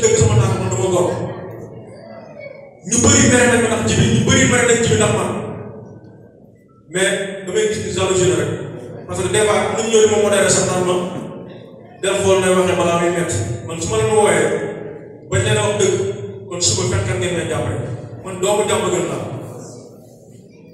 dëgg sama tax man dama gor ñu bëri mere nañ ma ndax jibi ñu bëri mere nañ jibi ndax man mais damay gis ni jalousie rek parce que des fois lu ñu ñëw di ma modéré sax naan ma del xool nay waxee balaa muy métti man su ma leen woowee bañ leen a wax dëgg kon suba fekkat ngeen may jàpp rek man doomu jàmm gën laa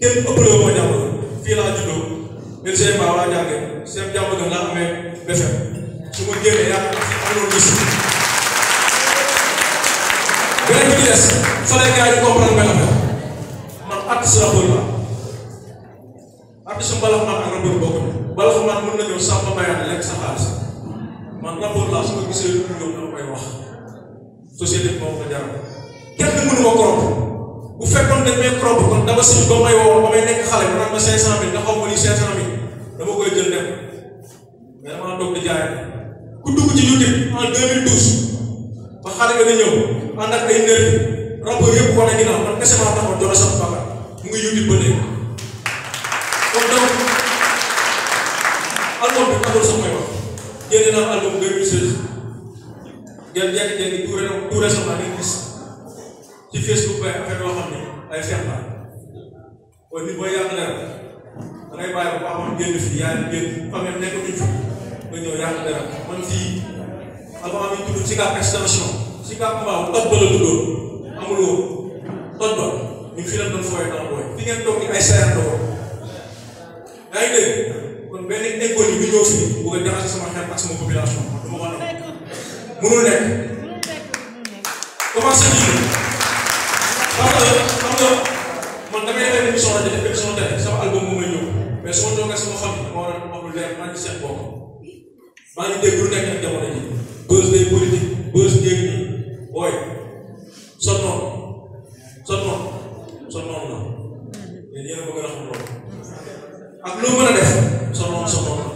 kenn ëppale wu ma jàmm fii laa juddoo mais seen baaw laa jàngee seen jàmm gën laa amee defet su ma génnee yaa am loolu gis des soo leen gars yi comprendre man artiste la ma artiste mbalax man ak rappeur bokk mbalax man mën na ñëw sàmba mayaat lekk sa xaalis man rappeur laa ma gisee lu ñëw dama koy wax société bi moo ko jaral kenn mënu ko koromp bu fekkoon dañ may ma naan ma cinq cent mille nga ma lii dama koy jël ba xale nga ne ñëw ànd ak ay nerf rapport yëpp wane ginnaaw man kese maa taxaw doole sama bakkan mu ngi yóbbu ba léegi kon donc album bi taxul sax may wax génne naa album 2016 ngeen jékki-jékki tout tout récemment ngeen gis ci Facebook bay affaire yoo xam ne ay feex la kon nit booy yàq dara da ngay bàyyi ba baaxoon génn fii yaa ngi génn xam ne nekk duñ fi nga ñëw yàq dara man fii. avant mi tudd Sicap extension Sicap mbaaw toj ba la tuddoon amul woon toj ba ñu fi leen doon fooyee ndax booy fi ngeen toog ni ay seer la woon yaa ngi dégg kon benn école bi ñëw fi bu ko jaxase sama xel ak sama population du ma ko nangu mënul nekk commencé nii parce que xam nga man damay defee émission rajo def émission télé sama album moom may ñëw mais su ma toogee sama xam ne ma war a amul leer maa ngi seet bopp maa ngi dégg lu nekk ak jamono ji bës day politique bës njëg nii booy sa noon sa noon sa noon la yéen yéen a bëgg a xam loolu ak loo mën a def sa noon sa noon la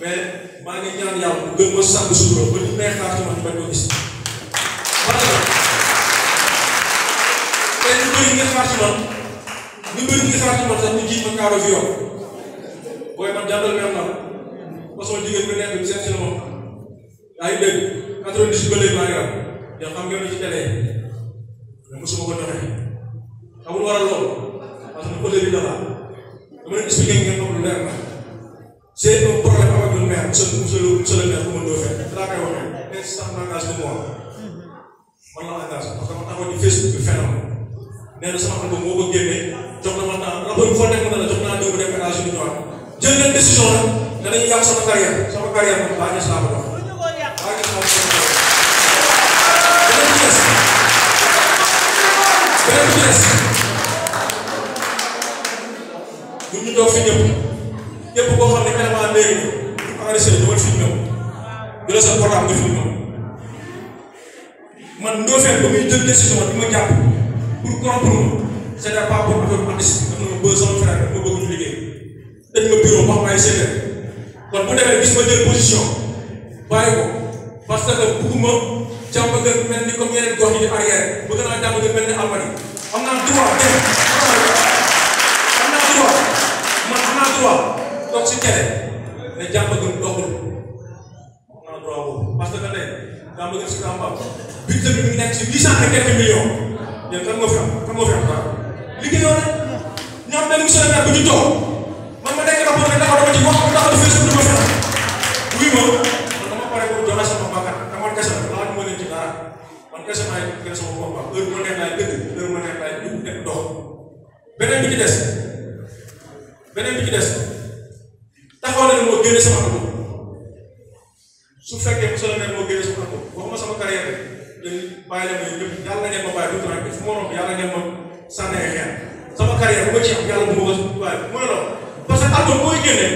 mais maa ngi ñaan yàlla mu gën ma sàkk sutura ba li may xaar ci man bañ ko gis parce que tey ñu bëri nga xaar ci man ñu bëri nga xaar ci man sax ñu jiit ma kaaro fi yoon booy man jàppal même la façon jigéen bi nekk bi seet si la moom yaa ngi dégg quatre-vingt-dix ba léegi maa ngi am yow xam ngeen ne ci télé mais mosuma ko joxe xamul waral loolu parce que côté bi dafa dama leen expliqué ngeen xam lu leer na c'est un problème avec le maire monsieur monsieur le monsieur le maire bu ma doo fekk dinaa koy waxee mais sax ma engagé bu mu wax man la engagé parce que ma taxaw ci Facebook bi fenn nee na sama album moo ko génnee jox na ma temps rapport bi foo nekk na la jox naa diw bu nekk âge bi ñëwaat jël leen décision rek ne dañuy yàq sama carrière sama carrière moom baa ñes naa ko wax leneen ci des ñun ñu toog jël décision ma jàpp pour comprendre c' était pas pour affaire artiste am ma bëgg ma bureau ma kon bu demee gis ma jël position bàyyi ko parce que bugguma jàmm gën mel ni comme yeneen gox yi di arrière bëgg naa jàmm gën mel ni Almadies am naa droit dégg am naa droit man am naa droit toog si cere ne jàmbagum doxul am naa droit boobu parce que tey jàmbagum si Tamba budget bi mu ngi nekk si huit cent et quelques millions yéen kan nga fi am kan nga fi am waaw liggéeyoo rek ñoom benn monsieur le maire bu ñu toog man ma nekk rapport bi taxaw dama ci wax taxaw du fee sa bi beneen bi ci des taxaw na ne moo moo génne sama dugub waxuma sama carrière dañ bàyyi la muy ñëpp ma bàyyi du tranquille fu ma yàlla ngeen ma sànni ay xeer sama carrière bu ma ci yàlla bu ma bàyyi mu ne loolu parce que album booy génne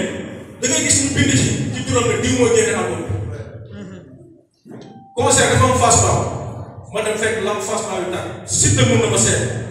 da ngay ne diw moo génne album bi concert dafa am phase ba ma dem na ma seet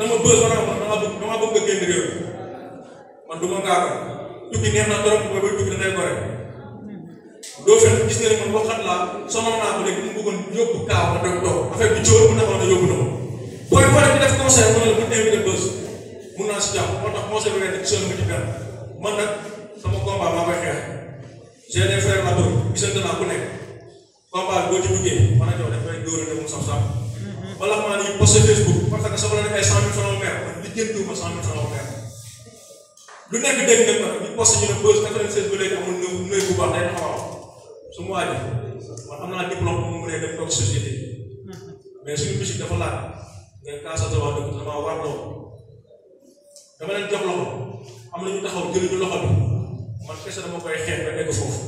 na ma bës ma ma ma ma a man du ma ngaa ko tukki neex na trop ba ba tukki dangay gore doo fen gis nga ne man waxat laa sonal naa ko léegi mu bëggoon yóbbu kaaw ma dem toog affaire na yóbbu na ko ne la bu mun naa si jàpp moo tax conseil bi ngay def seen ma ci man nag posté Facebook parce que soxla nañ ay cent mille francs maire man lijjantiwuma cent mille francs maire lu nekk dégg nga man ñu posté ñu ne Buzz 96 ba léegi amul nëw nëw bu baax day taxaw su ma waajee man am naa diplôme bu mu mënee def toog société mais suñu musique dafa laaj nga kaasa sa wax dëgg damaa war lool dama leen jox loxo am na ñu taxaw jëluñu loxo bi man kese dama koy xeex ba egg foofu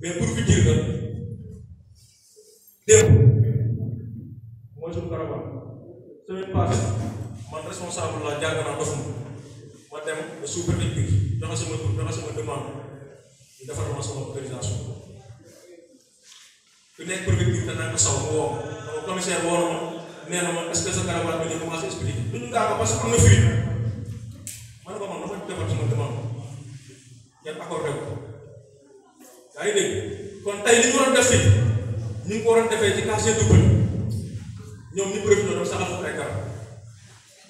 mais pour fi dire que démb. semaine passée man responsable la jàng naa dof ma dem ba suubar bi joxe sama tur joxe sama demande ñu defal ma sama autorisation ku nekk préfet bi danaa saw woo dama woo na nee na ma est ce que sa caravane bi ñu commencé expliquer duñu ko parce que am na fuite ma ne ko man dama defal sama demande yan accordé ko yaa ngi dégg kon tey li ñu waroon def fii ñu ngi ko waroon defee ci casier double ñoom ñu profité doon saxal foofu ay garab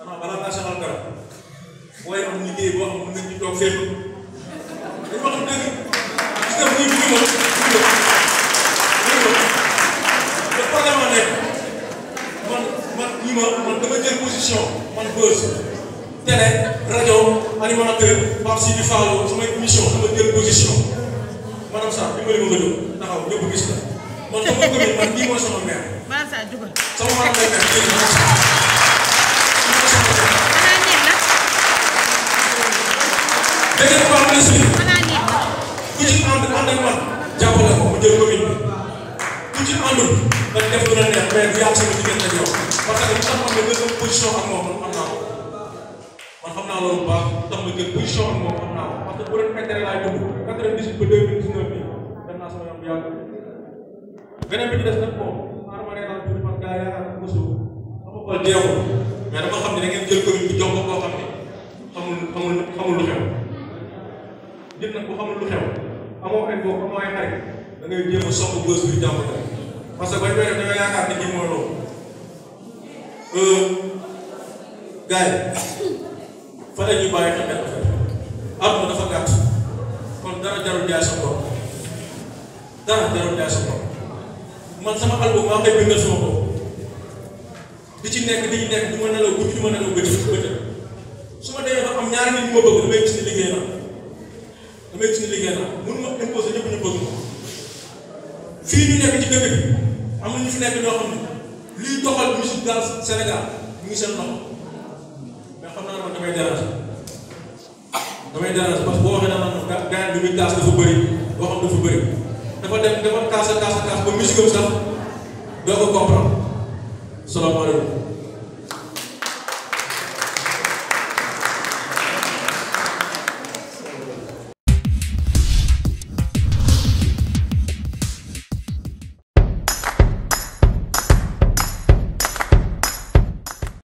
xanaa balaa ngaa saxal garab waaye am liggéey boo xam ne ñu toog fépp dañu wax dëgg gis nga ñuy dugg moom dugg te problème ma nekk man man ñi ma man dama jël position man buzz télé rajo animateur Pape Sidi Fallo samay émission dama jël position maanaam sax dimbali ma nga jóg taxaw ñëpp gis la man dama gëm man lii mooy sama mère Barça jugal. sama maam lay mel. xanaa neex na. dégg nga Pape Alioune Seye. xanaa neex na. ku ci ànd ànd ak man jàppale ko mu jël commune bi ku ci àndul dañ def lu la neex mais du yàgg sama diggante ak yow parce que bu tax ma gën a position ak moom man xam naa ko man xam naa loolu bu baax bu tax ma gën position ak moom xam naa ko parce que bu doon intérêt laay dugg 98 ba 2019 bi dem naa sama yoon bu yàgg beneen bi ci des nag moom. laa yaakaar ko mosul sama xol deewul mais dama xam ne da ngeen jël commune bi jox ko koo xam ne xamul xamul xamul lu xew nit nag bu xamul lu xew amoo ay bokk amoo ay xarit da ngay jéem a soxla bës bi jàmbur parce que bañ koy def da nga yaakaar ne kii mooy loolu gars yi fa la ñuy bàyyi xel benn affaire àdduna dafa gàtt kon dara jarul jaay sa bopp dara jarul jaay sa bopp man sama album maa ngi koy bindal sama bopp di ci nekk di nekk du ma nelaw guddi du ma nelaw bëccëg bëccëg su ma demee ba am ñaari nit ñu ma bëgg damay gis ne liggéey na damay gis ne liggéey na mënu ma imposé ñëpp nekk ci dëkk bi am na ñu fi nekk ñoo xam ne liy doxal musique daal Sénégal ñu ngi seen loxo mais xam naa man damay déranger damay déranger parce boo xam gars yi bëri dafa bëri dafa dem dafa taas a taas a ba musique am sax doo ko comprendre. salaamaaleykum